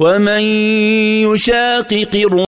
ومن يشاقق